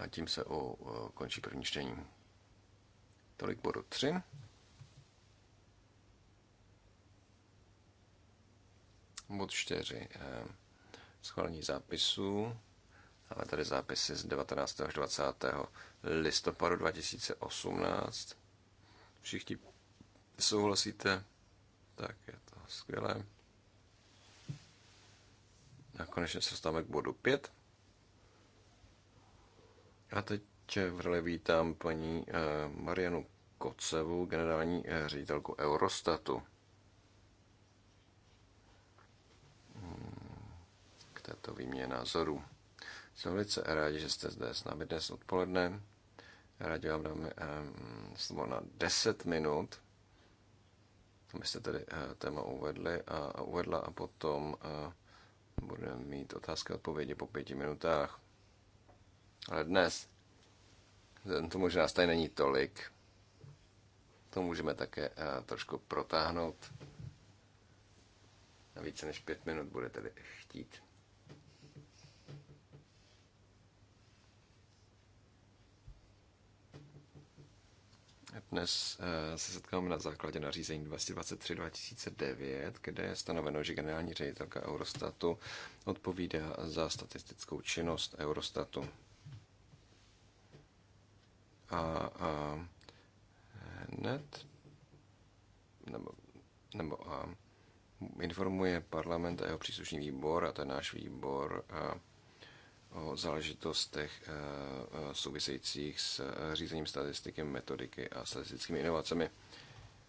A tím se o, končí první čtení. Tolik bodu 3. Bod 4. Eh, schválení zápisů. Máme tady zápisy z 19. až 20. listopadu 2018. Všichni souhlasíte? Tak je to skvělé. A konečně se dostáváme k bodu 5. A teď v roli vítám paní eh, Marianu Kocevu, generální eh, ředitelku Eurostatu. Hmm, k této výměně názoru. Jsem velice rádi, že jste zde s námi dnes odpoledne. Rádi vám dáme eh, slovo na 10 minut, abyste tedy téma uvedli a, a uvedla a potom budeme mít otázky a odpovědi po pěti minutách. Ale dnes, to možná stejně není tolik, to můžeme také eh, trošku protáhnout. A více než pět minut bude tedy chtít. Dnes eh, se setkáme na základě nařízení 2023 2009 kde je stanoveno, že generální ředitelka Eurostatu odpovídá za statistickou činnost Eurostatu a, a hned nebo, nebo a, informuje parlament a jeho příslušný výbor a ten náš výbor a, o záležitostech a, a souvisejících s řízením statistiky, metodiky a statistickými inovacemi.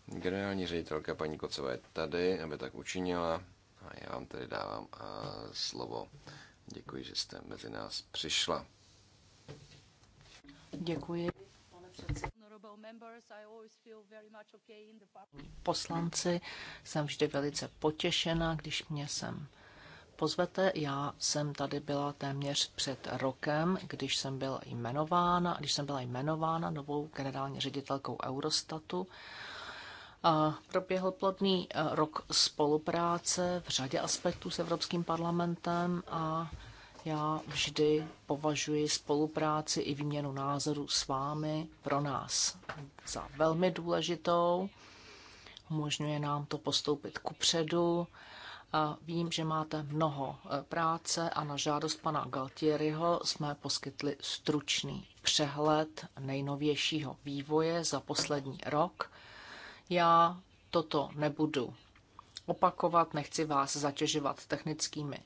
Generální ředitelka paní Kocová je tady, aby tak učinila a já vám tedy dávám a, slovo. Děkuji, že jste mezi nás přišla. Děkuji. Poslanci, jsem vždy velice potěšena, když mě sem pozvete. Já jsem tady byla téměř před rokem, když jsem byla jmenována, když jsem byla jmenována novou generální ředitelkou Eurostatu. Proběhl plodný eh, rok spolupráce v řadě aspektů s Evropským parlamentem a já vždy považuji spolupráci i výměnu názorů s vámi pro nás za velmi důležitou. Umožňuje nám to postoupit ku předu. Vím, že máte mnoho e, práce a na žádost pana Galtieriho jsme poskytli stručný přehled nejnovějšího vývoje za poslední rok. Já toto nebudu opakovat, nechci vás zatěžovat technickými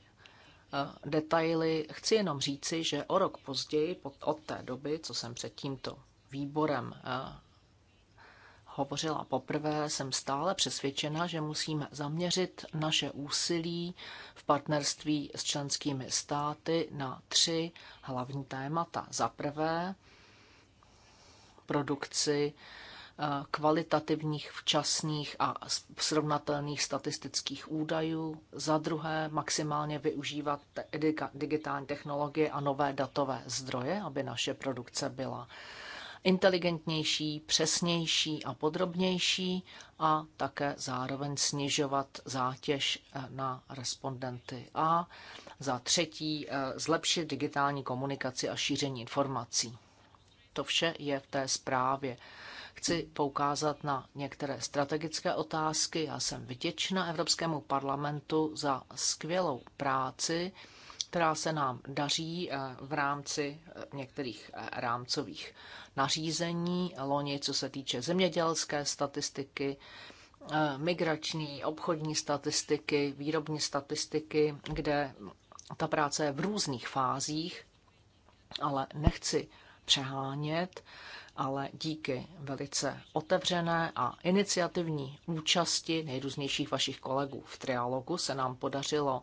Eh, detaily, chci jenom říci, že o rok později, od té doby, co jsem před tímto výborem eh, hovořila poprvé, jsem stále přesvědčena, že musíme zaměřit naše úsilí v partnerství s členskými státy na tři hlavní témata. Za prvé, produkci Eh, kvalitativních, včasných a srovnatelných statistických údajů. Za druhé, maximálně využívat digitální technologie a nové datové zdroje, aby naše produkce byla inteligentnější, přesnější a podrobnější a také zároveň snižovat zátěž eh, na respondenty. A za třetí, eh, zlepšit digitální komunikaci a šíření informací. To vše je v té zprávě chci poukázat na některé strategické otázky. Já jsem vděčná Evropskému parlamentu za skvělou práci, která se nám daří eh, v rámci eh, některých eh, rámcových nařízení, loni, co se týče zemědělské statistiky, migrační, obchodní statistiky, výrobní statistiky, kde ta práce je v různých fázích, ale nechci přehánět ale díky velice otevřené a iniciativní účasti nejrůznějších vašich kolegů v trialogu se nám podařilo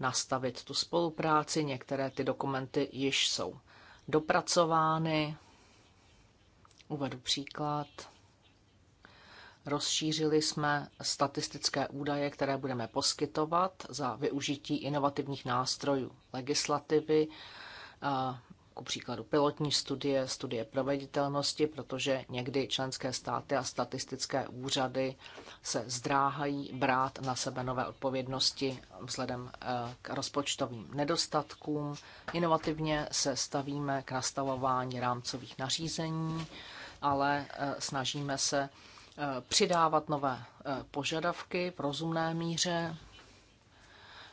nastavit tu spolupráci. Některé ty dokumenty již jsou dopracovány. Uvedu příklad. Rozšířili jsme statistické údaje, které budeme poskytovat za využití inovativních nástrojů legislativy ku příkladu pilotní studie, studie proveditelnosti, protože někdy členské státy a statistické úřady se zdráhají brát na sebe nové odpovědnosti vzhledem eh, k rozpočtovým nedostatkům. Inovativně se stavíme k nastavování rámcových nařízení, ale eh, snažíme se eh, přidávat nové požadavky v rozumné míře,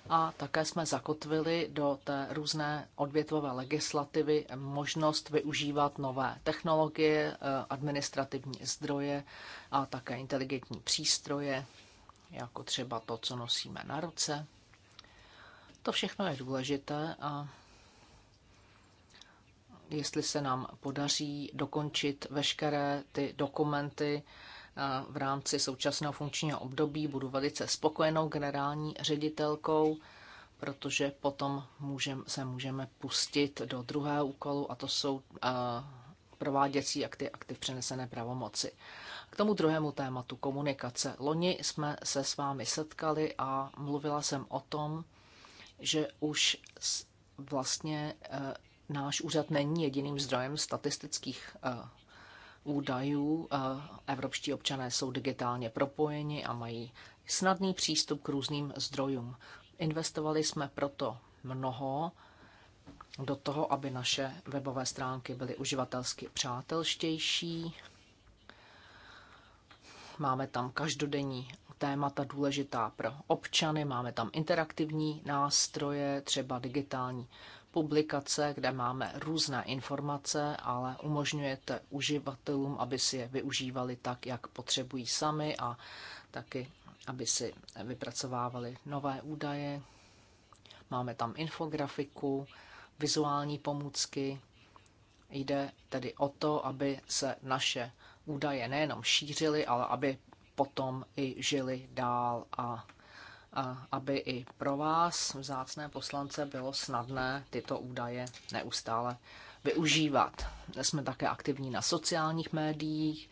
a také jsme zakotvili do té různé odvětvové legislativy možnost využívat nové technologie, eh, administrativní zdroje a také inteligentní přístroje, jako třeba to, co nosíme na ruce. To všechno je důležité a jestli se nám podaří dokončit veškeré ty dokumenty, v rámci současného funkčního období. Budu velice spokojenou generální ředitelkou, protože potom můžem, se můžeme pustit do druhého úkolu a to jsou prováděcí akty, akty v přenesené pravomoci. K tomu druhému tématu komunikace. Loni jsme se s vámi setkali a mluvila jsem o tom, že už vlastně e, náš úřad není jediným zdrojem statistických e, údajů. Evropští občané jsou digitálně propojeni a mají snadný přístup k různým zdrojům. Investovali jsme proto mnoho do toho, aby naše webové stránky byly uživatelsky přátelštější. Máme tam každodenní témata důležitá pro občany, máme tam interaktivní nástroje, třeba digitální publikace, kde máme různé informace, ale umožňujete uživatelům, aby si je využívali tak, jak potřebují sami a taky, aby si vypracovávali nové údaje. Máme tam infografiku, vizuální pomůcky. Jde tedy o to, aby se naše údaje nejenom šířily, ale aby potom i žili dál a aby i pro vás, vzácné poslance, bylo snadné tyto údaje neustále využívat. Jsme také aktivní na sociálních médiích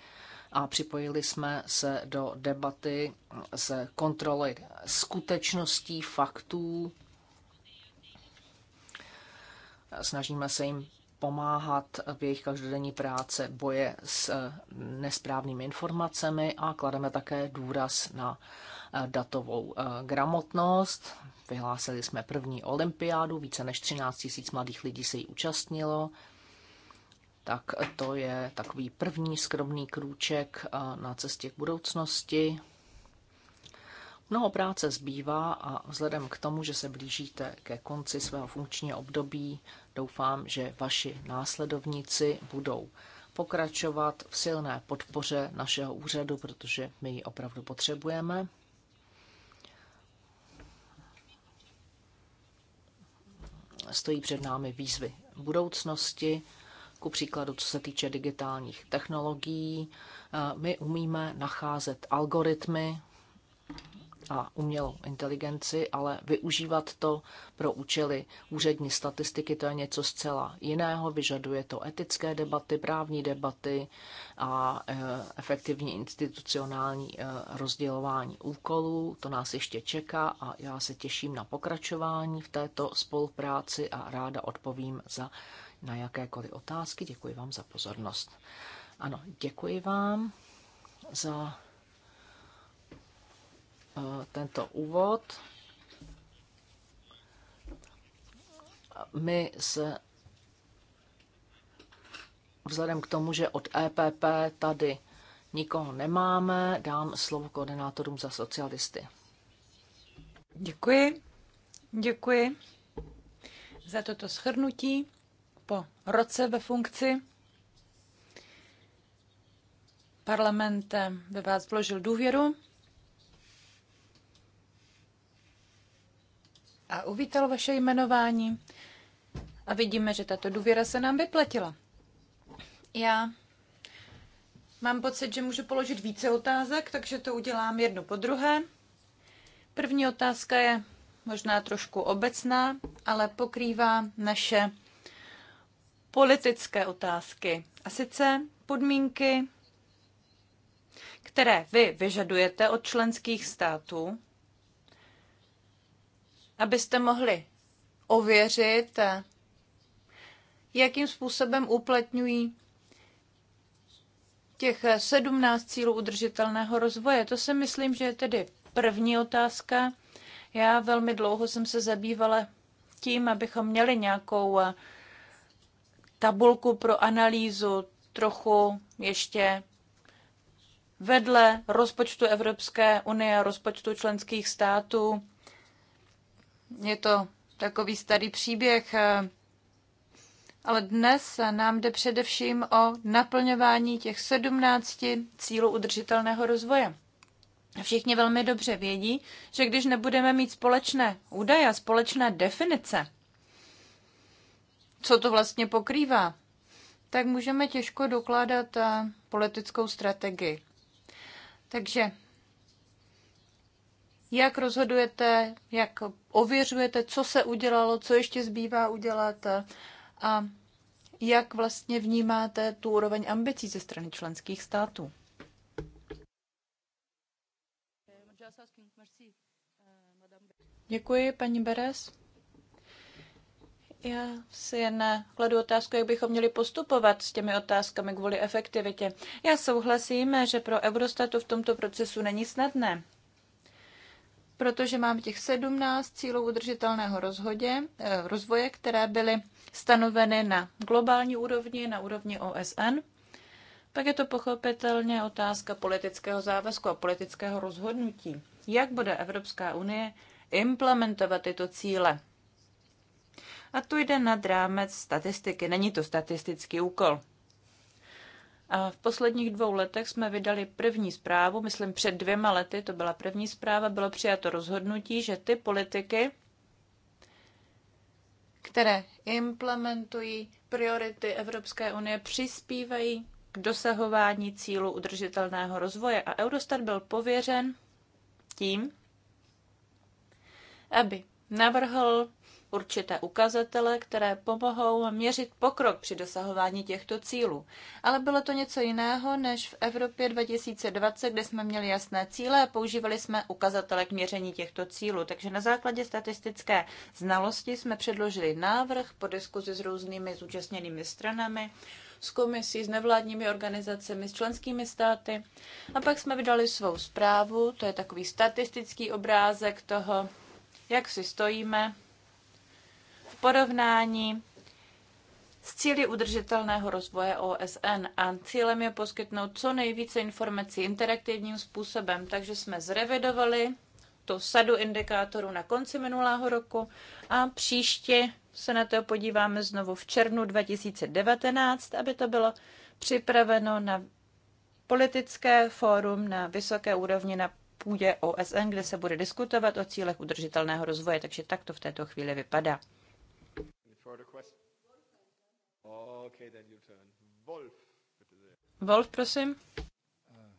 a připojili jsme se do debaty se kontroly skutečností faktů. Snažíme se jim pomáhat v jejich každodenní práce boje s nesprávnými informacemi a klademe také důraz na datovou eh, gramotnost. Vyhlásili jsme první olympiádu, více než 13 000 mladých lidí se jí účastnilo. Tak to je takový první skromný krůček eh, na cestě k budoucnosti. Mnoho práce zbývá a vzhledem k tomu, že se blížíte ke konci svého funkčního období, doufám, že vaši následovníci budou pokračovat v silné podpoře našeho úřadu, protože my ji opravdu potřebujeme. stojí před námi výzvy budoucnosti, ku příkladu, co se týče digitálních technologií. Eh, my umíme nacházet algoritmy, a umělou inteligenci, ale využívat to pro účely úřední statistiky, to je něco zcela jiného. Vyžaduje to etické debaty, právní debaty a e, efektivní institucionální e, rozdělování úkolů. To nás ještě čeká a já se těším na pokračování v této spolupráci a ráda odpovím za na jakékoliv otázky. Děkuji vám za pozornost. Ano, děkuji vám za Eh, tento úvod. My se vzhledem k tomu, že od EPP tady nikoho nemáme, dám slovo koordinátorům za socialisty. Děkuji. Děkuji za toto schrnutí po roce ve funkci. Parlament eh, ve vás vložil důvěru a uvítal vaše jmenování a vidíme, že tato důvěra se nám vyplatila. Já mám pocit, že můžu položit více otázek, takže to udělám jedno po druhé. První otázka je možná trošku obecná, ale pokrývá naše politické otázky. A sice podmínky, které vy vyžadujete od členských států abyste mohli ověřit, jakým způsobem uplatňují těch 17 cílů udržitelného rozvoje. To si myslím, že je tedy první otázka. Já velmi dlouho jsem se zabývala tím, abychom měli nějakou eh, tabulku pro analýzu trochu ještě vedle rozpočtu Evropské unie a rozpočtu členských států je to takový starý příběh, eh, ale dnes nám jde především o naplňování těch sedmnácti cílů udržitelného rozvoje. Všichni velmi dobře vědí, že když nebudeme mít společné údaje a společné definice, co to vlastně pokrývá, tak můžeme těžko dokládat eh, politickou strategii. Takže jak rozhodujete, jak ověřujete, co se udělalo, co ještě zbývá udělat a jak vlastně vnímáte tu úroveň ambicí ze strany členských států. Děkuji, paní Beres. Já si jen kladu otázku, jak bychom měli postupovat s těmi otázkami kvůli efektivitě. Já souhlasím, že pro Eurostatu v tomto procesu není snadné protože mám těch 17 cílů udržitelného rozhodě, eh, rozvoje, které byly stanoveny na globální úrovni, na úrovni OSN. Pak je to pochopitelně otázka politického závazku a politického rozhodnutí. Jak bude Evropská unie implementovat tyto cíle? A to jde nad rámec statistiky, není to statistický úkol v posledních dvou letech jsme vydali první zprávu, myslím před dvěma lety, to byla první zpráva, bylo přijato rozhodnutí, že ty politiky, které implementují priority Evropské unie, přispívají k dosahování cílu udržitelného rozvoje. A Eurostat byl pověřen tím, aby navrhl určité ukazatele, které pomohou měřit pokrok při dosahování těchto cílů. Ale bylo to něco jiného než v Evropě 2020, kde jsme měli jasné cíle a používali jsme ukazatele k měření těchto cílů. Takže na základě statistické znalosti jsme předložili návrh po diskuzi s různými zúčastněnými stranami s komisí, s nevládními organizacemi, s členskými státy. A pak jsme vydali svou zprávu, to je takový statistický obrázek toho, jak si stojíme porovnání s cíly udržitelného rozvoje OSN a cílem je poskytnout co nejvíce informací interaktivním způsobem, takže jsme zrevidovali tu sadu indikátorů na konci minulého roku a příště se na to podíváme znovu v červnu 2019, aby to bylo připraveno na politické fórum na vysoké úrovni na půdě OSN, kde se bude diskutovat o cílech udržitelného rozvoje, takže tak to v této chvíli vypadá. Further question? Okay, then your turn. Wolf, bitte sehr. Wolf, prosím. Eh,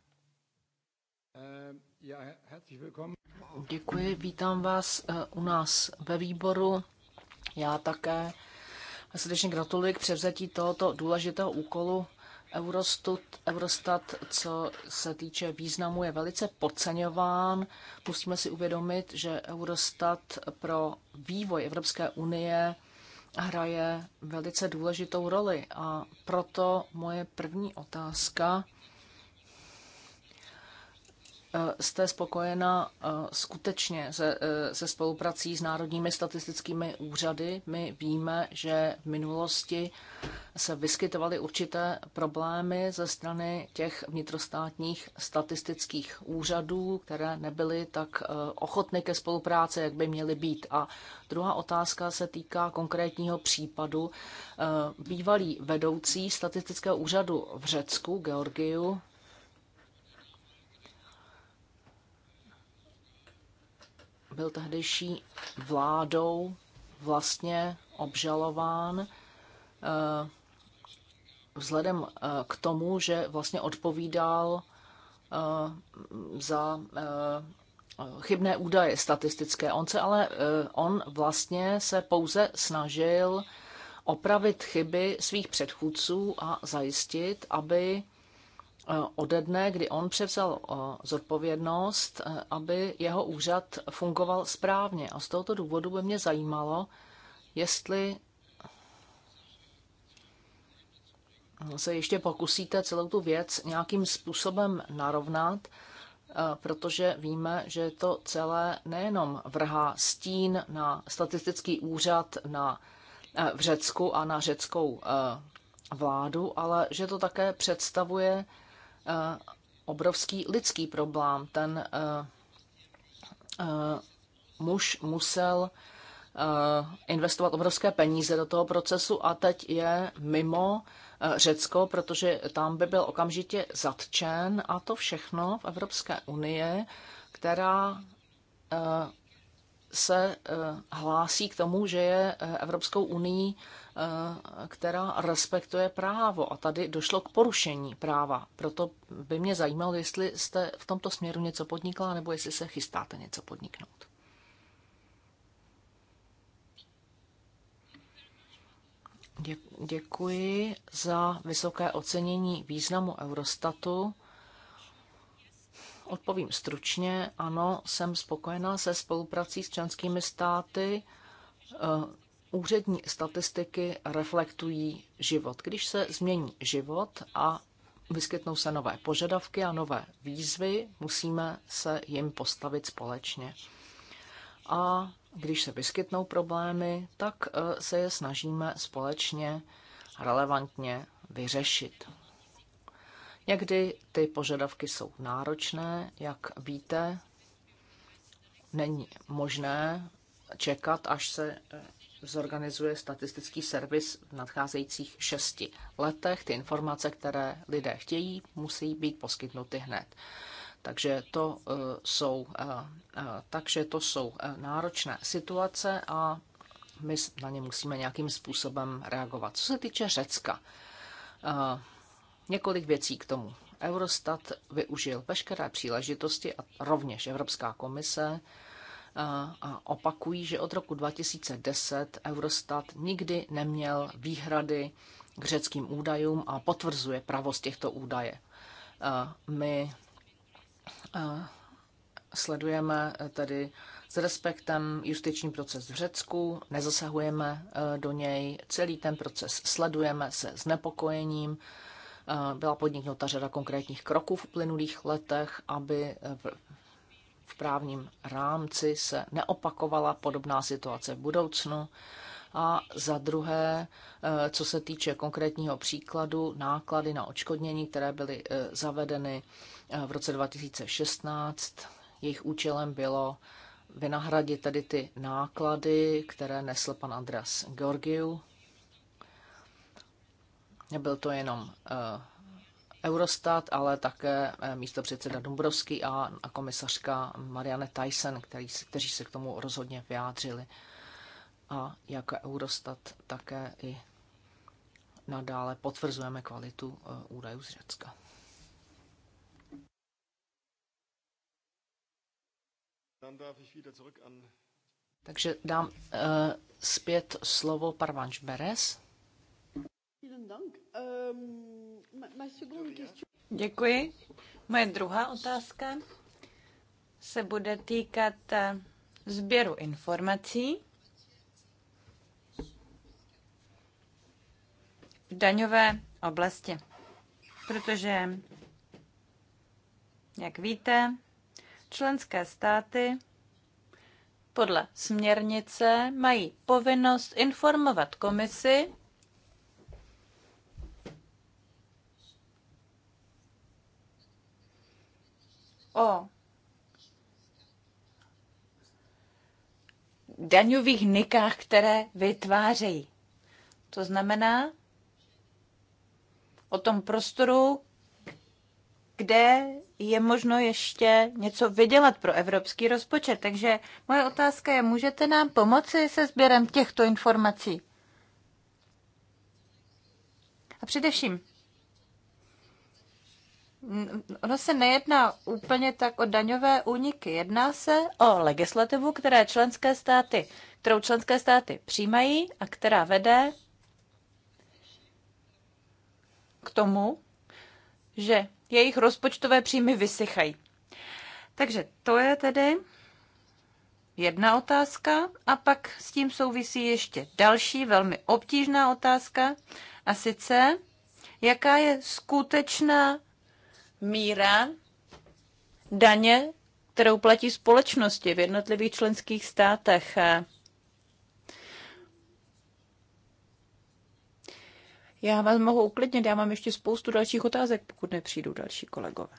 ehm, Děkuji, vítám vás eh, u nás ve výboru. Já také srdečně gratuluji k převzetí tohoto důležitého úkolu. Eurostat, Eurostat, co se týče významu, je velice podceňován. Musíme si uvědomit, že Eurostat pro vývoj Evropské unie hraje velice důležitou roli. A proto moje první otázka Eh, jste spokojena eh, skutečně se, eh, se spoluprací s národními statistickými úřady. My víme, že v minulosti se vyskytovaly určité problémy ze strany těch vnitrostátních statistických úřadů, které nebyly tak ochotny ke spolupráci, jak by měly být. A druhá otázka se týká konkrétního případu. Bývalý vedoucí statistického úřadu v Řecku, Georgiu, byl tehdejší vládou vlastně obžalován eh, vzhledem eh, k tomu, že vlastně odpovídal eh, za chybné údaje statistické. On se ale, on vlastně se pouze snažil opravit chyby svých předchůdců a zajistit, aby Eh, ode dne, kdy on převzal eh, zodpovědnost, eh, aby jeho úřad fungoval správně. A z tohoto důvodu by mě zajímalo, jestli se ještě pokusíte celou tu věc nějakým způsobem narovnat, protože víme, že to celé nejenom vrhá stín na statistický úřad na, v Řecku a na řeckou vládu, ale že to také představuje Eh, obrovský lidský problém. Ten eh, eh, muž musel investovat obrovské peníze do toho procesu a teď je mimo Řecko, protože tam by byl okamžitě zatčen a to všechno v Evropské unii, která se hlásí k tomu, že je Evropskou unii Eh, která respektuje právo. A tady došlo k porušení práva. Proto by mě zajímalo, jestli jste v tomto směru něco podnikla, nebo jestli se chystáte něco podniknout. Děkuji za vysoké ocenění významu Eurostatu. Odpovím stručně. Ano, jsem spokojená se spoluprací s členskými státy. Eh, úřední statistiky reflektují život. Když se změní život a vyskytnou se nové požadavky a nové výzvy, musíme se jim postavit společně. A když se vyskytnou problémy, tak e, se je snažíme společně relevantně vyřešit. Někdy ty požadavky jsou náročné, jak víte, není možné čekat, až se e, zorganizuje statistický servis v nadcházejících šesti letech. Ty informace, které lidé chtějí, musí být poskytnuty hned. Takže to eh, jsou, eh, eh, takže to jsou náročné situace a my na ně musíme nějakým způsobem reagovat. Co se týče Řecka, několik věcí k tomu. Eurostat využil veškeré příležitosti a rovněž Evropská komise a opakují, že od roku 2010 Eurostat nikdy neměl výhrady k řeckým údajům a potvrzuje pravost těchto údaje. My sledujeme e, tedy s respektem justiční proces v Řecku, nezasahujeme e, do něj, celý ten proces sledujeme se znepokojením. E, byla podniknuta řada konkrétních kroků v uplynulých letech, aby v právním rámci se neopakovala podobná situace v budoucnu. A za druhé, e, co se týče konkrétního příkladu, náklady na očkodnění, které byly e, zavedeny e, v roce 2016, jejich účelem bylo vynahradit tedy ty náklady, které nesl pan Andreas Georgiou. Nebyl to jenom Eurostat, ale také eh, místo předseda Dombrovský a komisařka Marianne Tyson, který, kteří se k tomu rozhodně vyjádřili. A jako Eurostat také i nadále potvrzujeme kvalitu eh, údajů z Řecka. Takže dám uh, zpět slovo Parvanč Beres. Ähm, Děkuji. Moje druhá otázka se bude týkat eh, sběru informací v daňové oblasti. Protože, jak víte, členské státy podle směrnice mají povinnost informovat komisi o daňových nikách, které vytvářejí. To znamená o tom prostoru, kde je možno ještě něco vydělat pro evropský rozpočet. Takže moje otázka je, můžete nám pomoci se sběrem těchto informací? A především, ono se nejedná úplně tak o daňové úniky. Jedná se o legislativu, které členské státy, kterou členské státy přijímají a která vede k tomu, že jejich rozpočtové příjmy vysychají. Takže to je tedy jedna otázka a pak s tím souvisí ještě další velmi obtížná otázka a sice, jaká je skutečná míra daně, kterou platí společnosti v jednotlivých členských státech. Já vás mohu uklidnit, já mám ještě spoustu dalších otázek, pokud nepřijdou další kolegové.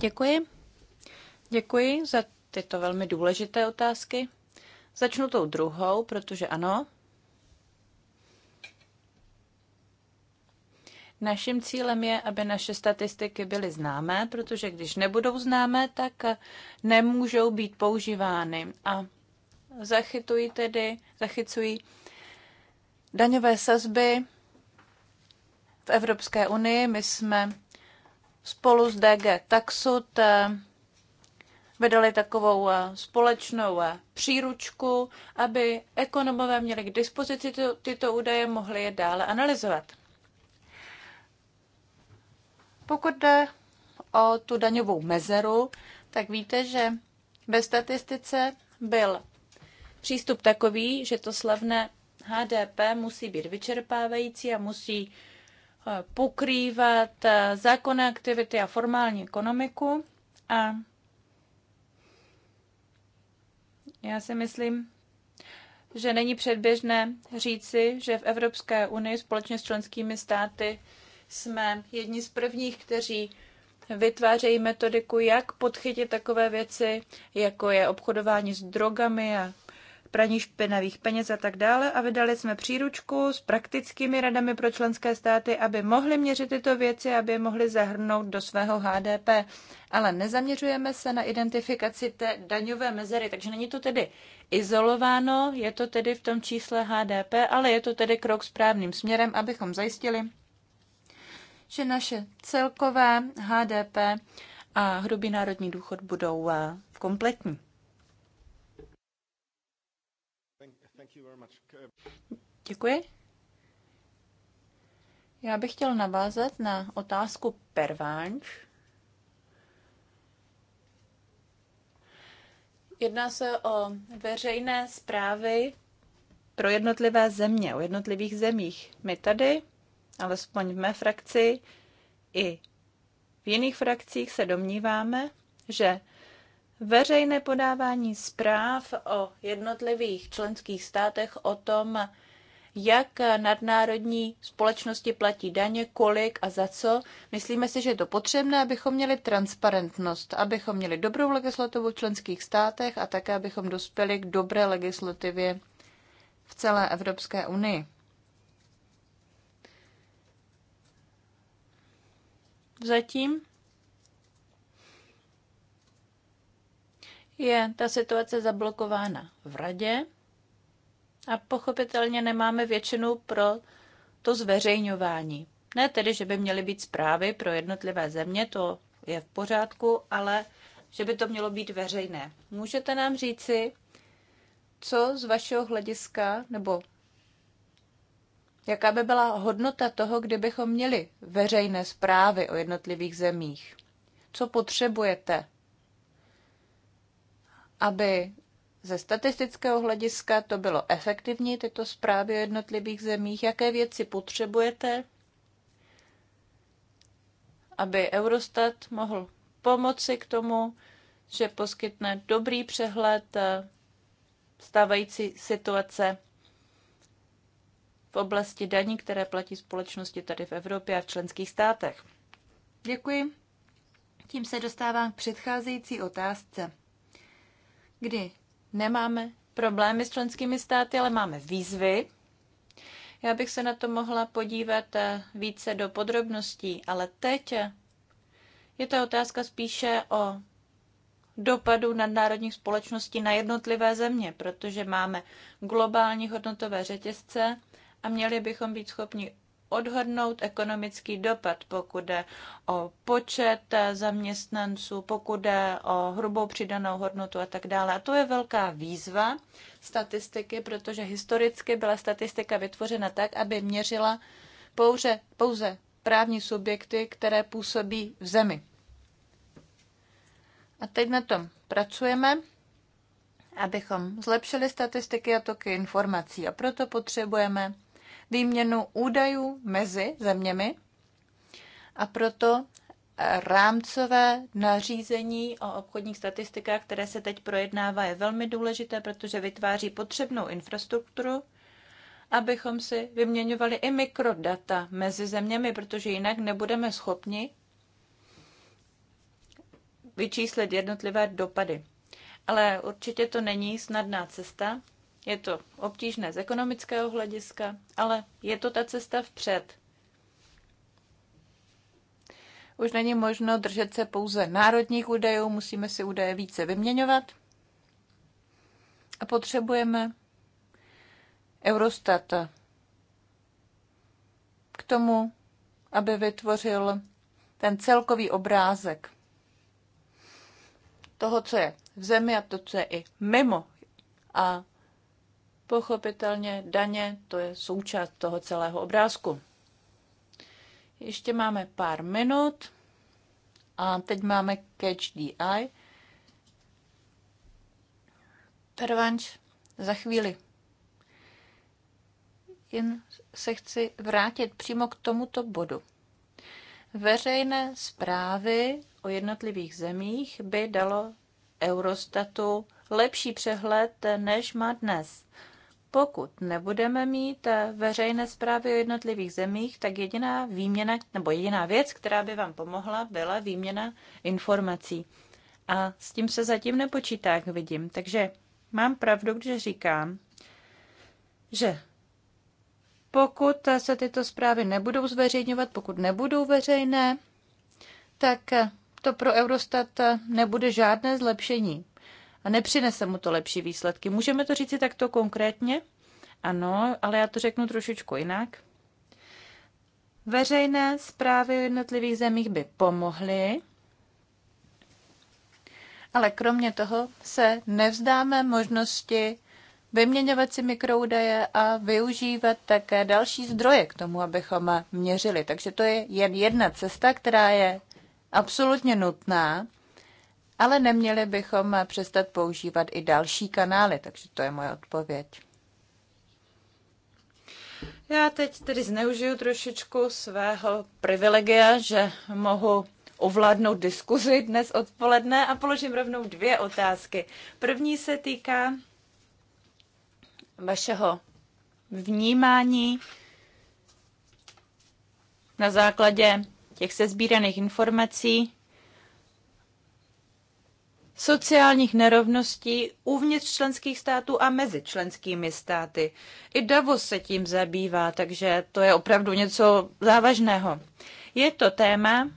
Děkuji. Děkuji za tyto velmi důležité otázky. Začnu tou druhou, protože ano, Naším cílem je, aby naše statistiky byly známé, protože když nebudou známé, tak nemůžou být používány a zachytují tedy, zachycují daňové sazby v Evropské unii. My jsme spolu s DG Taxud eh, vydali takovou eh, společnou eh, příručku, aby ekonomové měli k dispozici tyto údaje, mohli je dále analyzovat. Pokud jde o tu daňovou mezeru, tak víte, že ve statistice byl přístup takový, že to slavné HDP musí být vyčerpávající a musí eh, pokrývat eh, zákonné aktivity a formální ekonomiku. A já si myslím, že není předběžné říci, že v Evropské unii společně s členskými státy jsme jedni z prvních, kteří vytvářejí metodiku, jak podchytit takové věci, jako je obchodování s drogami a praní špinavých peněz a tak dále. A vydali jsme příručku s praktickými radami pro členské státy, aby mohli měřit tyto věci, aby je mohli zahrnout do svého HDP. Ale nezaměřujeme se na identifikaci té daňové mezery, takže není to tedy izolováno, je to tedy v tom čísle HDP, ale je to tedy krok správným směrem, abychom zajistili, že naše celkové HDP a hrubý národní důchod budou eh, kompletní. Děkuji. Já bych chtěl navázat na otázku pervánč. Jedná se o veřejné zprávy pro jednotlivé země, o jednotlivých zemích. My tady alespoň v mé frakci i v jiných frakcích se domníváme, že veřejné podávání zpráv o jednotlivých členských státech o tom, jak nadnárodní společnosti platí daně, kolik a za co. Myslíme si, že je to potřebné, abychom měli transparentnost, abychom měli dobrou legislativu v členských státech a také, abychom dospěli k dobré legislativě v celé Evropské unii. zatím je ta situace zablokována v radě a pochopitelně nemáme většinu pro to zveřejňování. Ne tedy, že by měly být zprávy pro jednotlivé země, to je v pořádku, ale že by to mělo být veřejné. Můžete nám říci, co z vašeho hlediska nebo Jaká by byla hodnota toho, kdybychom měli veřejné zprávy o jednotlivých zemích? Co potřebujete, aby ze statistického hlediska to bylo efektivní, tyto zprávy o jednotlivých zemích, jaké věci potřebujete, aby Eurostat mohl pomoci k tomu, že poskytne dobrý přehled eh, stávající situace v oblasti daní, které platí společnosti tady v Evropě a v členských státech. Děkuji. Tím se dostávám k předcházející otázce. Kdy nemáme problémy s členskými státy, ale máme výzvy. Já bych se na to mohla podívat eh, více do podrobností, ale teď eh, je ta otázka spíše o dopadu nadnárodních společností na jednotlivé země, protože máme globální hodnotové řetězce a měli bychom být schopni odhodnout ekonomický dopad, pokud jde o počet eh, zaměstnanců, pokud jde o hrubou přidanou hodnotu a tak dále. A to je velká výzva statistiky, protože historicky byla statistika vytvořena tak, aby měřila pouze, pouze právní subjekty, které působí v zemi. A teď na tom pracujeme, abychom zlepšili statistiky a toky informací. A proto potřebujeme výměnu údajů mezi zeměmi a proto rámcové nařízení o obchodních statistikách, které se teď projednává, je velmi důležité, protože vytváří potřebnou infrastrukturu, abychom si vyměňovali i mikrodata mezi zeměmi, protože jinak nebudeme schopni vyčíslit jednotlivé dopady. Ale určitě to není snadná cesta. Je to obtížné z ekonomického hlediska, ale je to ta cesta vpřed. Už není možno držet se pouze národních údajů, musíme si údaje více vyměňovat a potřebujeme Eurostat k tomu, aby vytvořil ten celkový obrázek toho, co je v zemi a to, co je i mimo. A Pochopitelně daně, to je součást toho celého obrázku. Ještě máme pár minut a teď máme Catch the Eye. Pervanč, za chvíli. Jen se chci vrátit přímo k tomuto bodu. Veřejné zprávy o jednotlivých zemích by dalo Eurostatu lepší přehled, než má dnes. Pokud nebudeme mít eh, veřejné zprávy o jednotlivých zemích, tak jediná výměna nebo jediná věc, která by vám pomohla, byla výměna informací. A s tím se zatím nepočítá, jak vidím. Takže mám pravdu, když říkám, že pokud eh, se tyto zprávy nebudou zveřejňovat, pokud nebudou veřejné, tak eh, to pro Eurostat nebude žádné zlepšení a nepřinese mu to lepší výsledky. Můžeme to říci takto konkrétně? Ano, ale já to řeknu trošičku jinak. Veřejné zprávy o jednotlivých zemích by pomohly, ale kromě toho se nevzdáme možnosti vyměňovat si mikroudaje a využívat také další zdroje k tomu, abychom měřili. Takže to je jen jedna cesta, která je absolutně nutná ale neměli bychom přestat používat i další kanály, takže to je moje odpověď. Já teď tedy zneužiju trošičku svého privilegia, že mohu ovládnout diskuzi dnes odpoledne a položím rovnou dvě otázky. První se týká vašeho vnímání na základě těch sezbíraných informací sociálních nerovností uvnitř členských států a mezi členskými státy. I Davos se tím zabývá, takže to je opravdu něco závažného. Je to téma,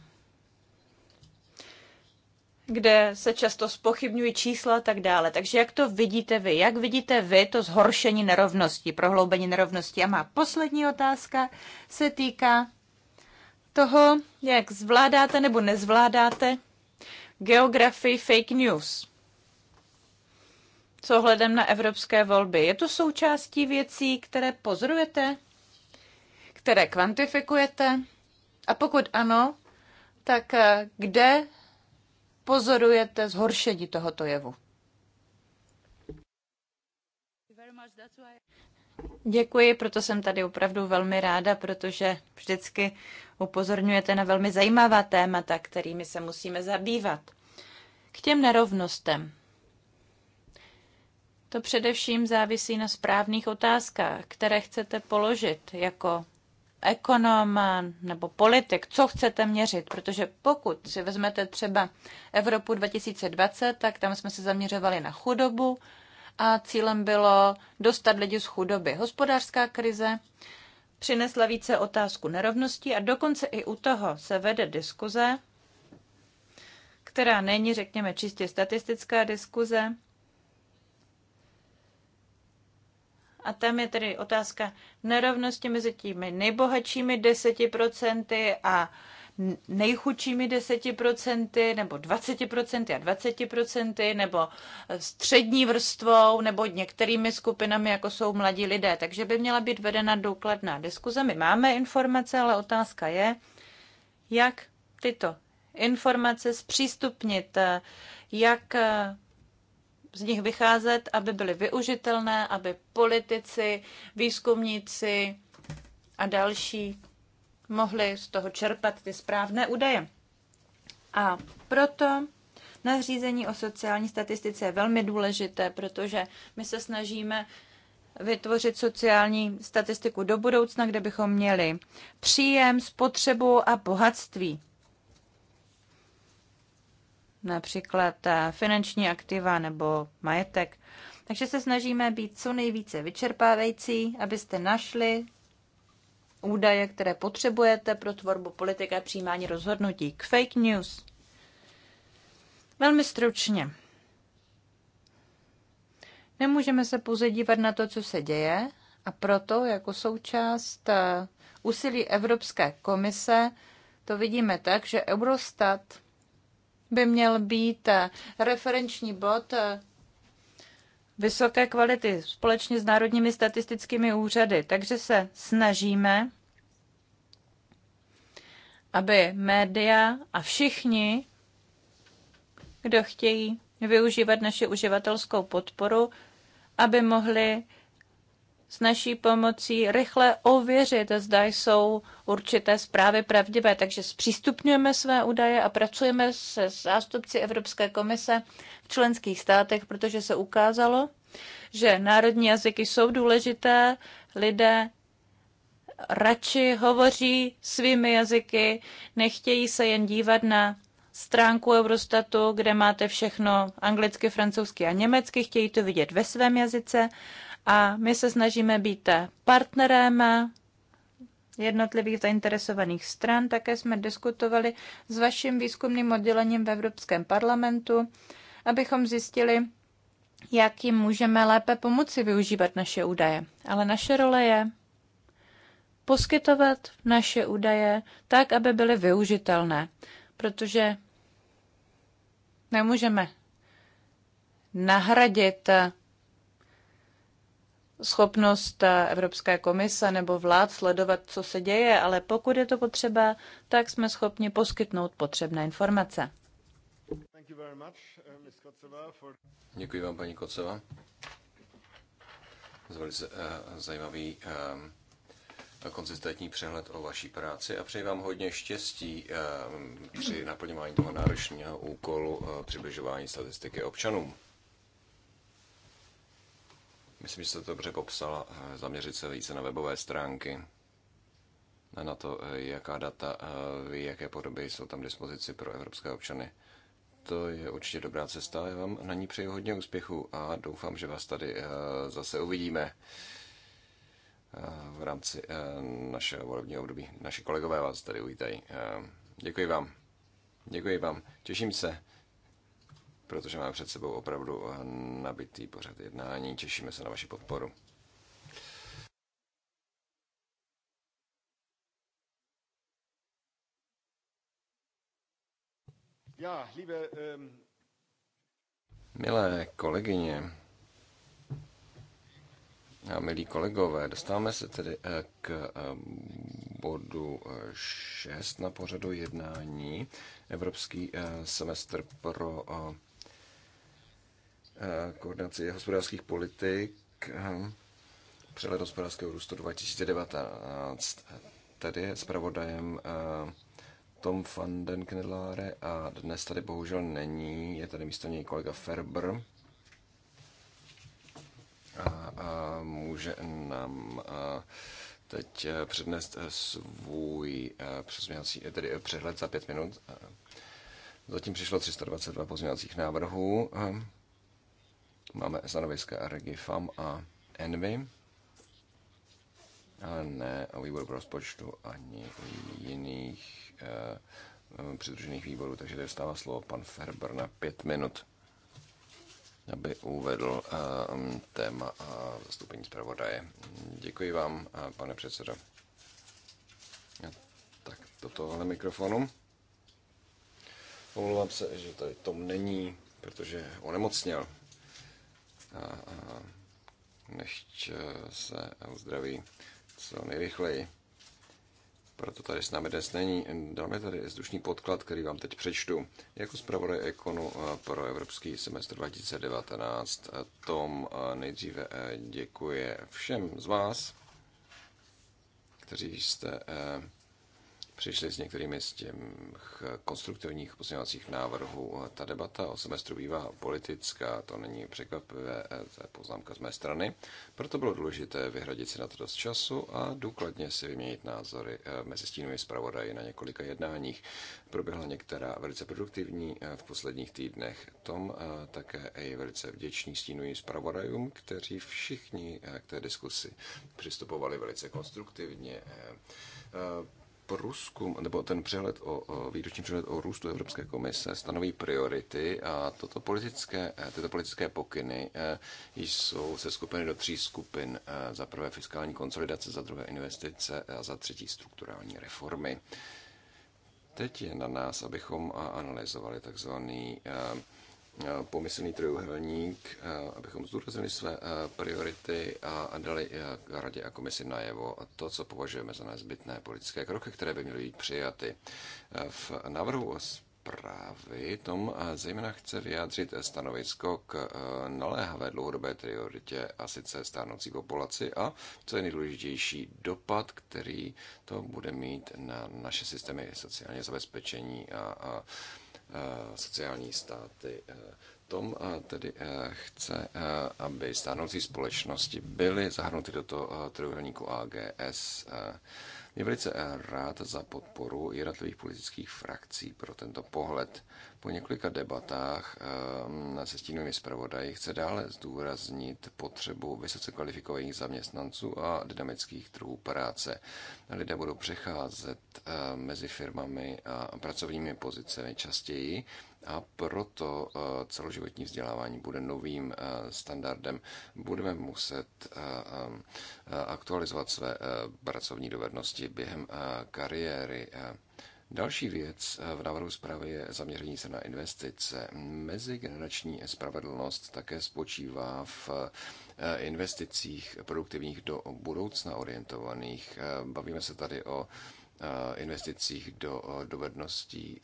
kde se často spochybňují čísla a tak dále. Takže jak to vidíte vy? Jak vidíte vy to zhoršení nerovnosti, prohloubení nerovnosti? A má poslední otázka se týká toho, jak zvládáte nebo nezvládáte geografii fake news co hledem na evropské volby. Je to součástí věcí, které pozorujete, které kvantifikujete? A pokud ano, tak eh, kde pozorujete zhoršení tohoto jevu? Děkuji, proto jsem tady opravdu velmi ráda, protože vždycky upozorňujete na velmi zajímavá témata, kterými se musíme zabývat. K těm nerovnostem. To především závisí na správných otázkách, které chcete položit jako ekonom nebo politik, co chcete měřit, protože pokud si vezmete třeba Evropu 2020, tak tam jsme se zaměřovali na chudobu a cílem bylo dostat lidi z chudoby. Hospodářská krize přinesla více otázku nerovností a dokonce i u toho se vede diskuze, která není, řekněme, čistě statistická diskuze. A tam je tedy otázka nerovnosti mezi těmi nejbohatšími 10% a nejchudšími 10% nebo 20% a 20% nebo střední vrstvou nebo některými skupinami, jako jsou mladí lidé. Takže by měla být vedena důkladná diskuze. My máme informace, ale otázka je, jak tyto informace zpřístupnit, jak z nich vycházet, aby byly využitelné, aby politici, výzkumníci a další mohli z toho čerpat ty správné údaje. A proto nařízení o sociální statistice je velmi důležité, protože my se snažíme vytvořit sociální statistiku do budoucna, kde bychom měli příjem, spotřebu a bohatství. Například eh, finanční aktiva nebo majetek. Takže se snažíme být co nejvíce vyčerpávající, abyste našli údaje, které potřebujete pro tvorbu politiky a přijímání rozhodnutí. K fake news. Velmi stručně. Nemůžeme se pouze dívat na to, co se děje, a proto jako součást eh, úsilí Evropské komise to vidíme tak, že Eurostat by měl být eh, referenční bod eh, vysoké kvality společně s národními statistickými úřady. Takže se snažíme aby média a všichni, kdo chtějí využívat naši uživatelskou podporu, aby mohli s naší pomocí rychle ověřit, zda jsou určité zprávy pravdivé. Takže zpřístupňujeme své údaje a pracujeme se zástupci Evropské komise v členských státech, protože se ukázalo, že národní jazyky jsou důležité, lidé radši hovoří svými jazyky, nechtějí se jen dívat na stránku Eurostatu, kde máte všechno anglicky, francouzsky a německy, chtějí to vidět ve svém jazyce a my se snažíme být partnerem jednotlivých zainteresovaných stran. Také jsme diskutovali s vaším výzkumným oddělením v Evropském parlamentu, abychom zjistili, jak jim můžeme lépe pomoci využívat naše údaje. Ale naše role je poskytovat naše údaje tak, aby byly využitelné, protože nemůžeme nahradit schopnost Evropské komise nebo vlád sledovat, co se děje, ale pokud je to potřeba, tak jsme schopni poskytnout potřebné informace. Uh, Děkuji vám, paní Koceva, velice uh, zajímavý eh, konzistentní přehled o vaší práci a přeji vám hodně štěstí eh, při naplňování toho náročného úkolu eh, přibližování statistiky občanům. Myslím, že jste to dobře popsala, eh, zaměřit se více na webové stránky, na to, jaká data, jaké podoby jsou tam dispozici pro evropské občany. To je určitě dobrá cesta, já vám na ní přeji hodně úspěchu a doufám, že vás tady zase uvidíme v rámci eh, našeho volebního období. Naši kolegové vás tady uvítají. Eh, děkuji vám. Děkuji vám. Těším se, protože máme před sebou opravdu eh, nabitý pořad jednání. Těšíme se na vaši podporu. Ehm, Milé kolegyně, milí kolegové, dostáváme se tedy eh, k eh, bodu 6 eh, na pořadu jednání. Evropský semestr pro koordinaci hospodářských politik, přehled hospodářského růstu 2019. Tady je zpravodajem Tom van den Knedlare a dnes tady bohužel není, je tady místo něj kolega Ferber a, a může nám a, teď e, přednést e, svůj e, přesměňací, tedy přehled za pět minut. Zatím přišlo 322 pozměňovacích návrhů. Máme stanoviska regifam a Envy. A ne o výboru pro rozpočtu ani jiných eh, přidružených výborů, takže dostává slovo pan Ferber na pět minut aby uvedl eh, téma a eh, zastoupení zpravodaje. Děkuji vám, eh, pane předsedo. Tak do tohohle mikrofonu. Omlouvám se, že tady Tom není, protože onemocněl. A, a nechť se uzdraví co nejrychleji. Proto tady s námi dnes není. Dáme tady vzdušný podklad, který vám teď přečtu. Jako zpravodaj Ekonu eh, pro Evropský semestr 2019 eh, Tom eh, nejdříve děkuje všem z vás, kteří jste přišli s některými z těch konstruktivních pozměňovacích návrhů. Ta debata o semestru bývá politická, to není překvapivé, to je poznámka z mé strany. Proto bylo důležité vyhradit si na to dost času a důkladně si vyměnit názory eh, mezi stínovými zpravodaji na několika jednáních. Proběhla některá velice produktivní eh, v posledních týdnech. Tom eh, také je velice vděčný stínovým zpravodajům, kteří všichni k té diskusi přistupovali velice konstruktivně průzkum, nebo ten přehled o, výroční přehled o růstu Evropské komise stanoví priority a toto politické, eh, tyto politické pokyny eh, jsou se skupiny do tří skupin. Eh, za prvé fiskální konsolidace, za druhé investice a za třetí strukturální reformy. Teď je na nás, abychom analyzovali takzvaný Eh, pomyslný trojuhelník, eh, abychom zdůraznili své eh, priority a dali radě a komisi najevo to, co považujeme za nezbytné politické kroky, které by měly být přijaty. V návrhu zprávy Tom zejména chce vyjádřit stanovisko k naléhavé dlouhodobé prioritě a sice stárnoucí populaci a co je nejdůležitější dopad, který to bude mít na naše systémy sociálně zabezpečení a, a Eh, sociální státy. Eh, Tom eh, tedy chce, aby stárnoucí společnosti byly zahrnuty do toho trojuhelníku AGS. Je velice rád za podporu jednotlivých politických frakcí pro tento pohled po několika debatách na ehm, stínovými zpravodaji chce dále zdůraznit potřebu vysoce kvalifikovaných zaměstnanců a dynamických trhů práce. Lidé budou přecházet ehm, mezi firmami a pracovními pozicemi častěji a proto eh, celoživotní vzdělávání bude novým eh, standardem. Budeme muset eh, ehm, aktualizovat své pracovní dovednosti během kariéry Další věc eh, v návrhu zprávy je zaměření se na investice. Mezigenerační spravedlnost také spočívá v eh, investicích produktivních do budoucna orientovaných. Eh, bavíme se tady o investicích do dovedností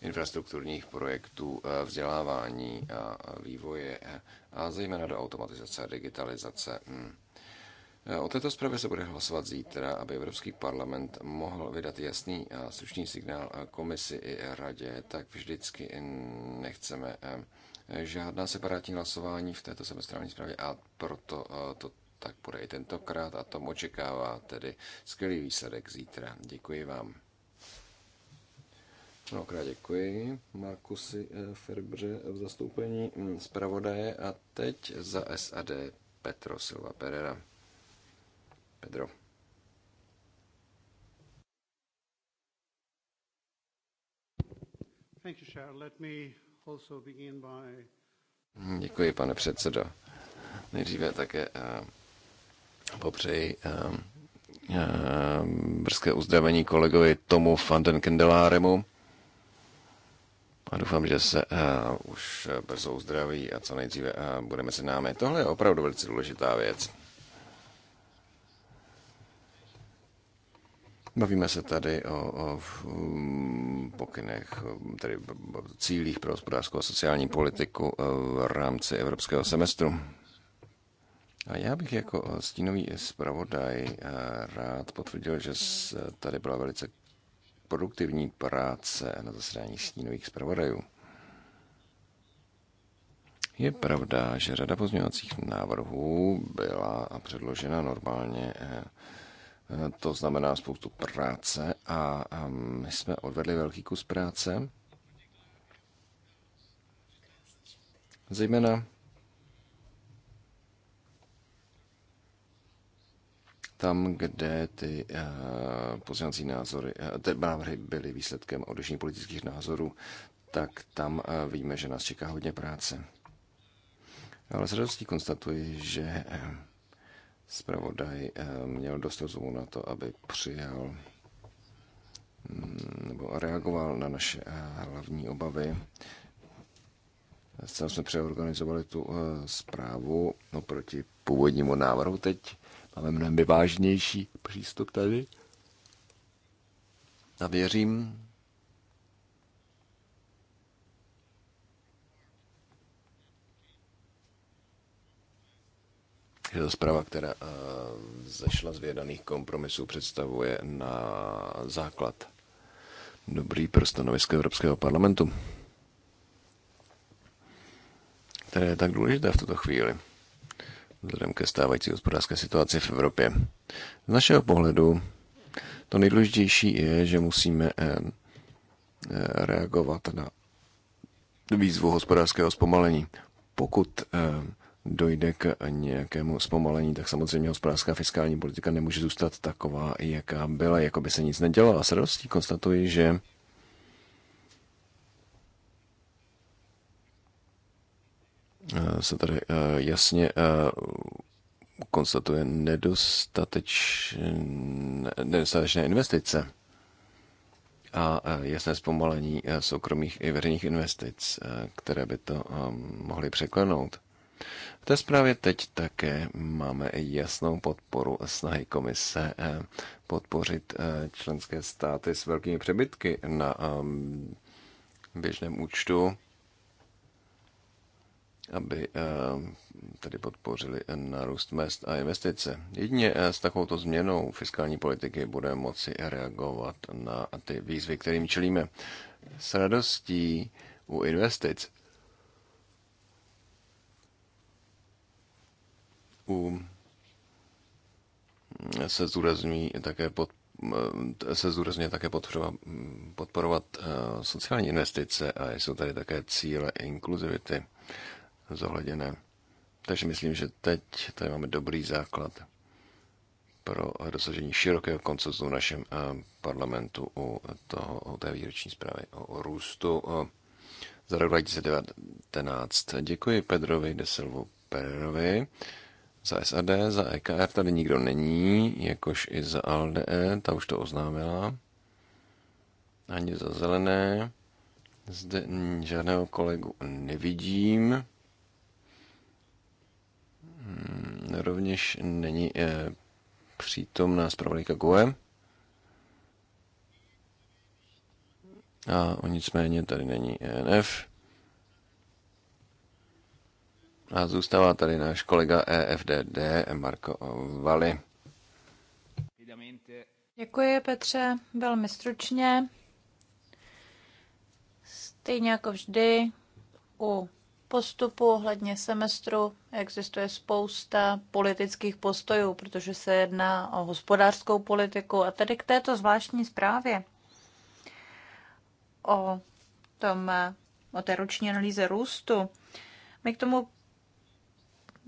infrastrukturních projektů vzdělávání a vývoje a zejména do automatizace a digitalizace. Hmm. Eh, o této zprávě se bude hlasovat zítra, aby Evropský parlament mohl vydat jasný a slušný signál komisi i radě, tak vždycky nechceme eh, žádná separátní hlasování v této semestrální zprávě a proto eh, to tak bude i tentokrát a tom očekává tedy skvělý výsledek zítra. Děkuji vám. Mnohokrát děkuji Markusi Ferbře v zastoupení hm, zpravodaje a teď za SAD Petro Silva Pereira. Pedro. Děkuji, pane předsedo. Nejdříve také eh, popřeji eh, eh, brzké uzdravení kolegovi Tomu van den Kendeláremu. A doufám, že se už brzo uzdraví a co nejdříve budeme se námi. Tohle je opravdu velice důležitá věc. Bavíme se tady o, o mm, pokynech, tedy o cílích pro hospodářskou a sociální politiku e, v rámci evropského semestru. A já bych jako stínový zpravodaj e, rád potvrdil, že tady byla velice produktivní práce na zasedání stínových zpravodajů. Je pravda, že řada pozměňovacích návrhů byla předložena normálně e, to znamená spoustu práce a my jsme odvedli velký kus práce. Zejména tam, kde ty uh, pozměňovací názory, eh, ty návrhy byly výsledkem odlišných politických názorů, tak tam eh, víme, že nás čeká hodně práce. Ale s radostí konstatuji, že zpravodaj eh, měl dost rozumu na to, aby přijal mm, nebo reagoval na naše eh, hlavní obavy. Zcela jsme přeorganizovali tu eh, zprávu oproti původnímu návrhu. Teď máme mnohem vyvážnější přístup tady. A věřím, je zpráva, která eh, zešla z vědaných kompromisů, představuje na základ dobrý pro stanovisko Evropského parlamentu, které je tak důležité v tuto chvíli vzhledem ke stávající hospodářské situaci v Evropě. Z našeho pohledu to nejdůležitější je, že musíme eh, eh, reagovat na výzvu hospodářského zpomalení. Pokud dojde k nějakému zpomalení, tak samozřejmě hospodářská fiskální politika nemůže zůstat taková, jaká byla, jako by se nic nedělo. A s radostí konstatuji, že se tady eh, jasně eh, konstatuje nedostatečné, nedostatečné investice a eh, jasné zpomalení soukromých i veřejných investic, které by to mohly překlenout. V té zprávě teď také máme jasnou podporu snahy komise eh, podpořit eh, členské státy s velkými přebytky na ehm, běžném účtu, aby eh, tedy podpořili nárůst mest a investice. Jedině s takovouto změnou fiskální politiky budeme moci reagovat na ty výzvy, kterým čelíme. S radostí u investic u se zúrazní také pod se zúrazně také podporovat eh, sociální investice a jsou tady také cíle inkluzivity zohleděné. Takže myslím, že teď tady máme dobrý základ pro dosažení širokého koncenzu v našem eh, parlamentu u, toho, u té výroční zprávy o růstu za rok 2019. Děkuji Pedrovi Deselvu Pererovi. Za SAD, za EKR tady nikdo není, jakož i za ALDE, ta už to oznámila. Ani za zelené. Zde žádného kolegu nevidím. Hmm, rovněž není eh, přítomná zpravodajka Goe. A o nicméně tady není ENF. A zůstává tady náš kolega EFDD Marko Vali. Děkuji, Petře, velmi stručně. Stejně jako vždy, u postupu ohledně semestru existuje spousta politických postojů, protože se jedná o hospodářskou politiku. A tedy k této zvláštní zprávě o, tom, o té roční analýze růstu. My k tomu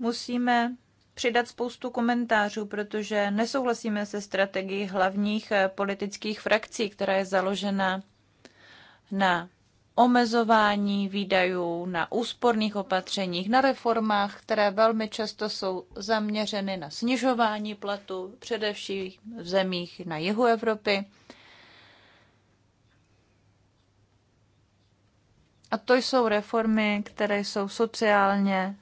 musíme přidat spoustu komentářů, protože nesouhlasíme se strategií hlavních eh, politických frakcí, která je založena na omezování výdajů, na úsporných opatřeních, na reformách, které velmi často jsou zaměřeny na snižování platu, především v zemích na jihu Evropy. A to jsou reformy, které jsou sociálně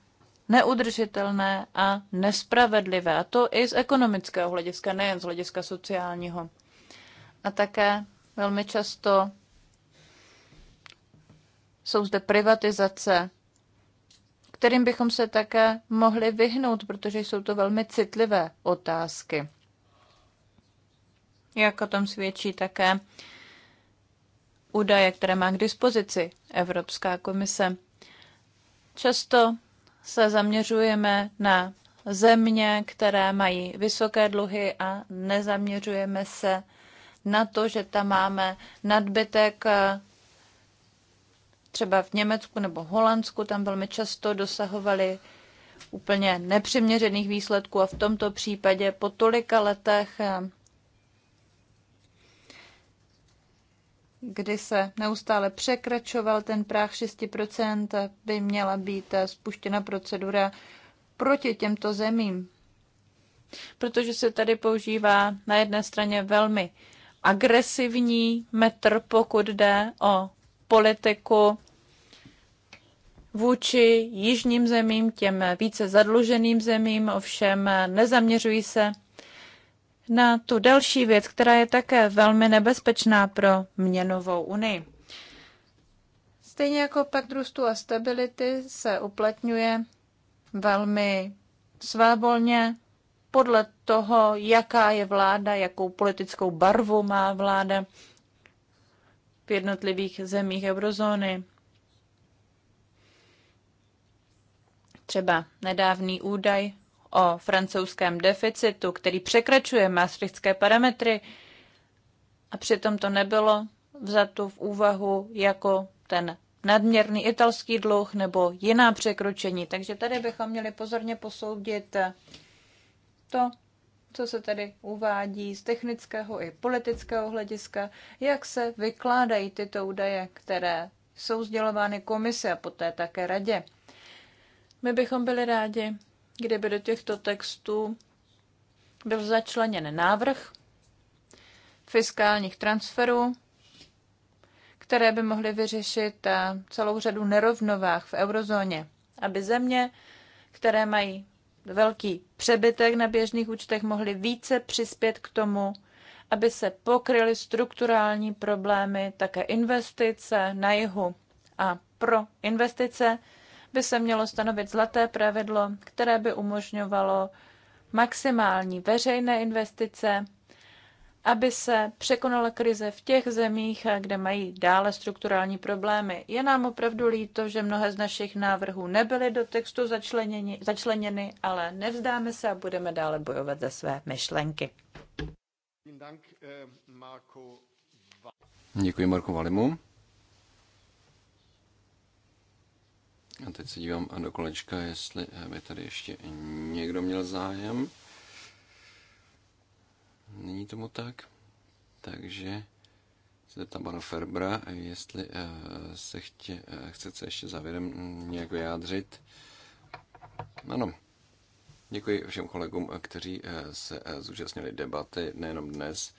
neudržitelné a nespravedlivé. A to i z ekonomického hlediska, nejen z hlediska sociálního. A také velmi často jsou zde privatizace, kterým bychom se také mohli vyhnout, protože jsou to velmi citlivé otázky. Jak o tom svědčí také údaje, které má k dispozici Evropská komise. Často se zaměřujeme na země, které mají vysoké dluhy a nezaměřujeme se na to, že tam máme nadbytek eh, třeba v Německu nebo Holandsku, tam velmi často dosahovali úplně nepřiměřených výsledků a v tomto případě po tolika letech eh, kdy se neustále překračoval ten práh 6%, by měla být spuštěna procedura proti těmto zemím. Protože se tady používá na jedné straně velmi agresivní metr, pokud jde o politiku vůči jižním zemím, těm více zadluženým zemím, ovšem nezaměřují se na tu další věc, která je také velmi nebezpečná pro měnovou unii. Stejně jako pakt růstu a stability se uplatňuje velmi svévolně podle toho, jaká je vláda, jakou politickou barvu má vláda v jednotlivých zemích eurozóny. Třeba nedávný údaj o francouzském deficitu, který překračuje maastrichtské parametry, a přitom to nebylo vzato v úvahu jako ten nadměrný italský dluh nebo jiná překročení. Takže tady bychom měli pozorně posoudit to, co se tady uvádí z technického i politického hlediska, jak se vykládají tyto údaje, které jsou sdělovány komise a poté také radě. My bychom byli rádi, kde by do těchto textů byl začleněn návrh fiskálních transferů, které by mohly vyřešit eh, celou řadu nerovnovách v eurozóně, aby země, které mají velký přebytek na běžných účtech, mohly více přispět k tomu, aby se pokryly strukturální problémy, také investice na jihu. A pro investice by se mělo stanovit zlaté pravidlo, které by umožňovalo maximální veřejné investice, aby se překonala krize v těch zemích, kde mají dále strukturální problémy. Je nám opravdu líto, že mnohé z našich návrhů nebyly do textu začleněni, začleněny, ale nevzdáme se a budeme dále bojovat za své myšlenky. Děkuji Marku Valimu. A teď se dívám do kolečka, jestli eh, by tady ještě někdo měl zájem. Není tomu tak. Takže se tam pana Ferbra, jestli eh, se chtě, eh, chcete ještě závěrem nějak vyjádřit. Ano. Děkuji všem kolegům, kteří se zúčastnili debaty nejenom dnes,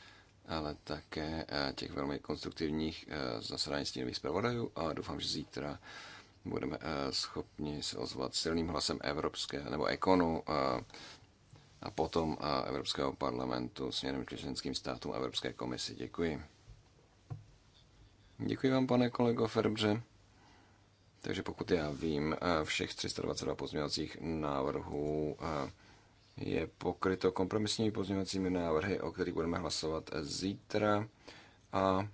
ale také těch velmi konstruktivních zasedání stínových zpravodajů a doufám, že zítra budeme eh, schopni se ozvat silným hlasem Evropské nebo Ekonu eh, a potom eh, Evropského parlamentu směrem členským státům Evropské komisi. Děkuji. Děkuji vám, pane kolego Ferbře. Takže pokud já vím, všech 322 pozměňovacích návrhů je pokryto kompromisními pozměňovacími návrhy, o kterých budeme hlasovat zítra. A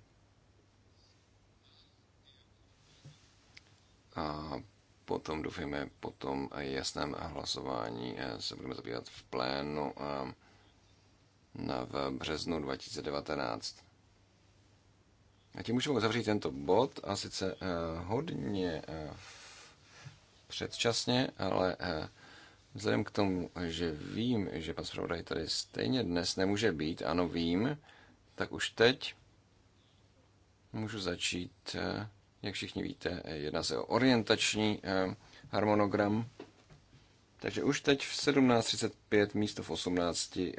a potom doufáme, potom jasném hlasování eh, se budeme zabývat v plénu eh, na, v březnu 2019. A tím můžeme uzavřít tento bod a sice eh, hodně předčasně, ale vzhledem k tomu, že vím, že pan zpravodaj tady stejně dnes nemůže být, ano vím, tak už teď můžu začít jak všichni víte, jedná se o orientační eh, harmonogram. Takže už teď v 17.35 místo v 18 eh,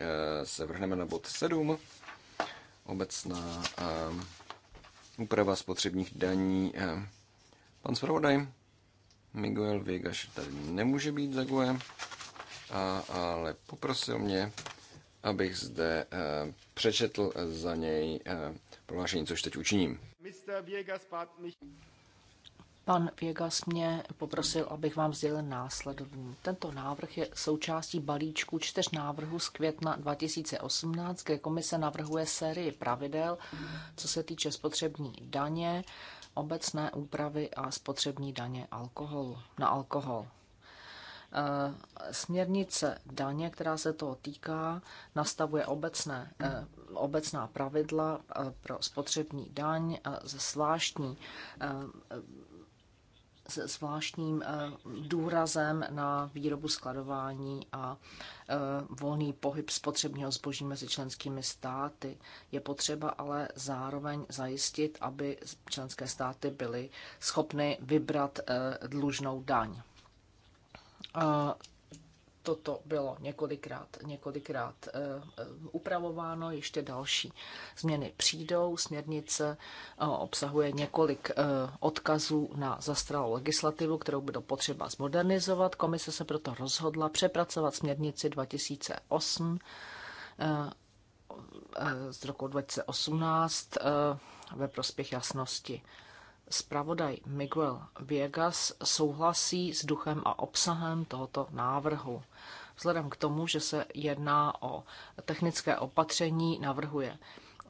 se vrhneme na bod 7. Obecná eh, úprava spotřebních daní. Pan zpravodaj Miguel Vegaš tady nemůže být za gojem, ale poprosil mě, abych zde přečetl za něj prohlášení, což teď učiním. Pan Viegas mě poprosil, abych vám sdělil následovní. Tento návrh je součástí balíčku čtyř návrhů z května 2018, kde komise navrhuje sérii pravidel, co se týče spotřební daně, obecné úpravy a spotřební daně alkoholu, na alkohol. Eh, směrnice daně, která se toho týká, nastavuje obecné, eh, obecná pravidla eh, pro spotřební daň ze zvláštní se zvláštním důrazem na výrobu skladování a volný pohyb spotřebního zboží mezi členskými státy. Je potřeba ale zároveň zajistit, aby členské státy byly schopny vybrat dlužnou daň. A toto bylo několikrát, několikrát eh, eh, upravováno, ještě další změny přijdou. Směrnice eh, obsahuje několik odkazů na zastralou legislativu, kterou bylo potřeba zmodernizovat. Komise se proto rozhodla přepracovat směrnici 2008 z roku 2018 ve prospěch jasnosti. Spravodaj Miguel Viegas souhlasí s duchem a obsahem tohoto návrhu. Vzhledem k tomu, že se jedná o technické opatření, navrhuje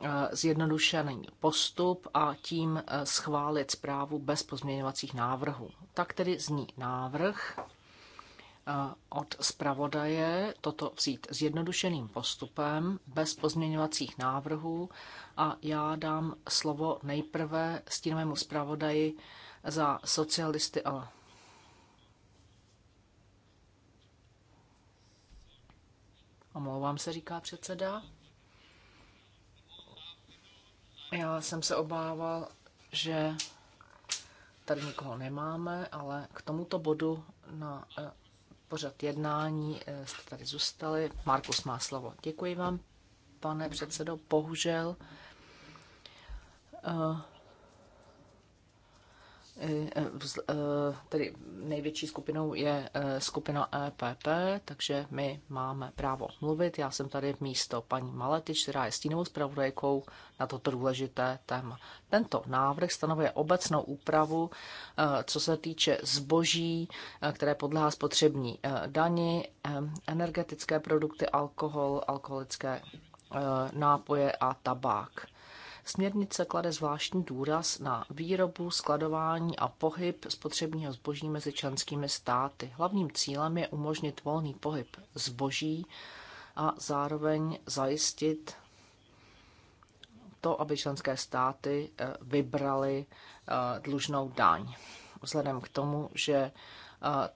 eh, zjednodušený postup a tím eh, schválit zprávu bez pozměňovacích návrhů. Tak tedy zní návrh od zpravodaje toto vzít zjednodušeným postupem, bez pozměňovacích návrhů a já dám slovo nejprve stínovému zpravodaji za socialisty a Omlouvám se, říká předseda. Já jsem se obával, že tady nikoho nemáme, ale k tomuto bodu na eh, pořad jednání eh, jste tady zůstali. Markus má slovo. Děkuji vám, pane předsedo. Bohužel uh, tedy největší skupinou je eh, skupina EPP, takže my máme právo mluvit. Já jsem tady v místo paní Maletič, která je stínovou zpravodajkou na toto důležité téma. Tento návrh stanovuje obecnou úpravu, eh, co se týče zboží, eh, které podléhá spotřební dani, energetické produkty, alkohol, alkoholické nápoje a tabák Směrnice klade zvláštní důraz na výrobu, skladování a pohyb spotřebního zboží mezi členskými státy. Hlavním cílem je umožnit volný pohyb zboží a zároveň zajistit to, aby členské státy eh, vybraly eh, dlužnou daň. Vzhledem k tomu, že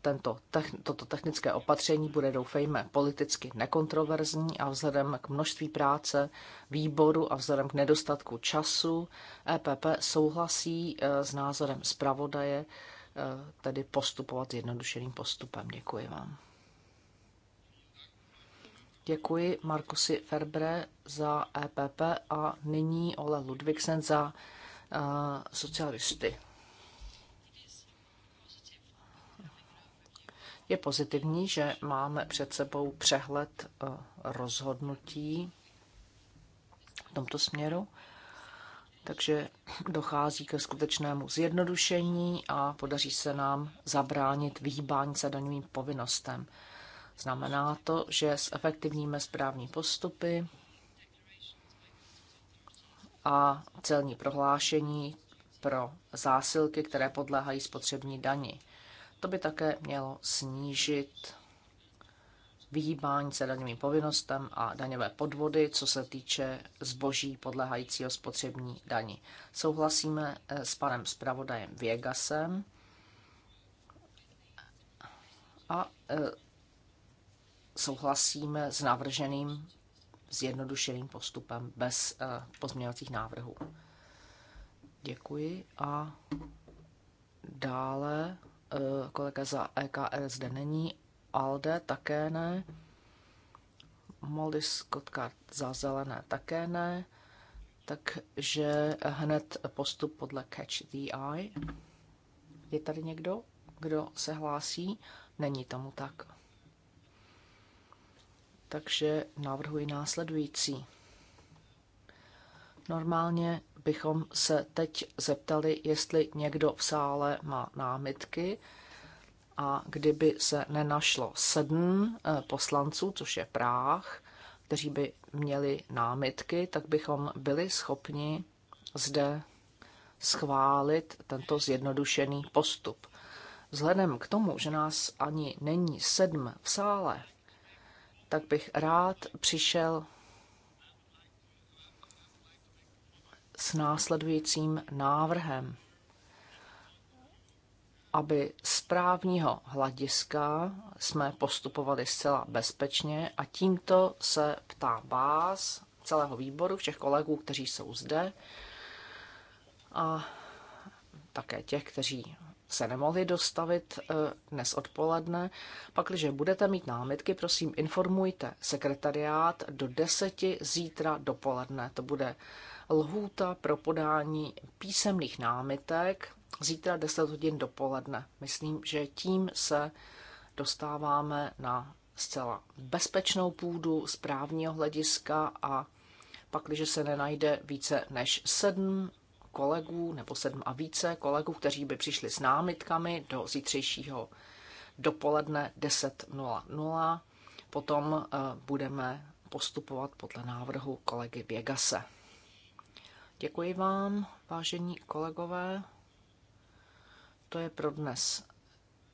tento, toto technické opatření bude, doufejme, politicky nekontroverzní a vzhledem k množství práce výboru a vzhledem k nedostatku času EPP souhlasí e, s názorem zpravodaje, e, tedy postupovat jednodušeným postupem. Děkuji vám. Děkuji Markusi Ferbre za EPP a nyní Ole Ludvigsen za uh, socialisty. Je pozitivní, že máme před sebou přehled eh, rozhodnutí v tomto směru, takže dochází ke skutečnému zjednodušení a podaří se nám zabránit vyhýbání se daňovým povinnostem. Znamená to, že zefektivníme správní postupy a celní prohlášení pro zásilky, které podléhají spotřební dani. To by také mělo snížit vyhýbání se daňovým povinnostem a daňové podvody, co se týče zboží podlehajícího spotřební daní. Souhlasíme eh, s panem zpravodajem Viegasem a eh, souhlasíme s navrženým zjednodušeným postupem bez eh, pozměňovacích návrhů. Děkuji a dále Eh, kolega za EKR zde není, Alde také ne, Molly kotka za zelené také ne, takže hned postup podle Catch the Eye. Je tady někdo, kdo se hlásí? Není tomu tak. Takže navrhuji následující. Normálně bychom se teď zeptali, jestli někdo v sále má námitky a kdyby se nenašlo sedm eh, poslanců, což je práh, kteří by měli námitky, tak bychom byli schopni zde schválit tento zjednodušený postup. Vzhledem k tomu, že nás ani není sedm v sále, tak bych rád přišel s následujícím návrhem. Aby z právního hlediska jsme postupovali zcela bezpečně a tímto se ptá vás, celého výboru, všech kolegů, kteří jsou zde a také těch, kteří se nemohli dostavit eh, dnes odpoledne. Pak, když budete mít námitky, prosím informujte sekretariát do deseti zítra dopoledne. To bude lhůta pro podání písemných námitek zítra 10 hodin dopoledne. Myslím, že tím se dostáváme na zcela bezpečnou půdu z právního hlediska a pak, když se nenajde více než sedm kolegů nebo sedm a více kolegů, kteří by přišli s námitkami do zítřejšího dopoledne 10.00, potom eh, budeme postupovat podle návrhu kolegy Běgase. Děkuji vám, vážení kolegové. To je pro dnes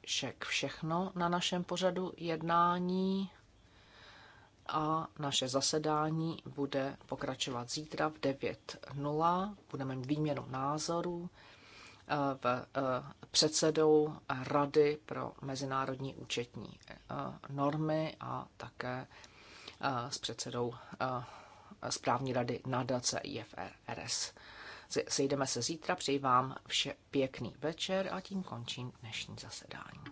však všechno na našem pořadu jednání a naše zasedání bude pokračovat zítra v 9.00. Budeme mít výměnu názorů eh, v eh, předsedou Rady pro mezinárodní účetní eh, normy a také s předsedou správní rady nadace IFRS. Sejdeme se zítra, přeji vám vše pěkný večer a tím končím dnešní zasedání.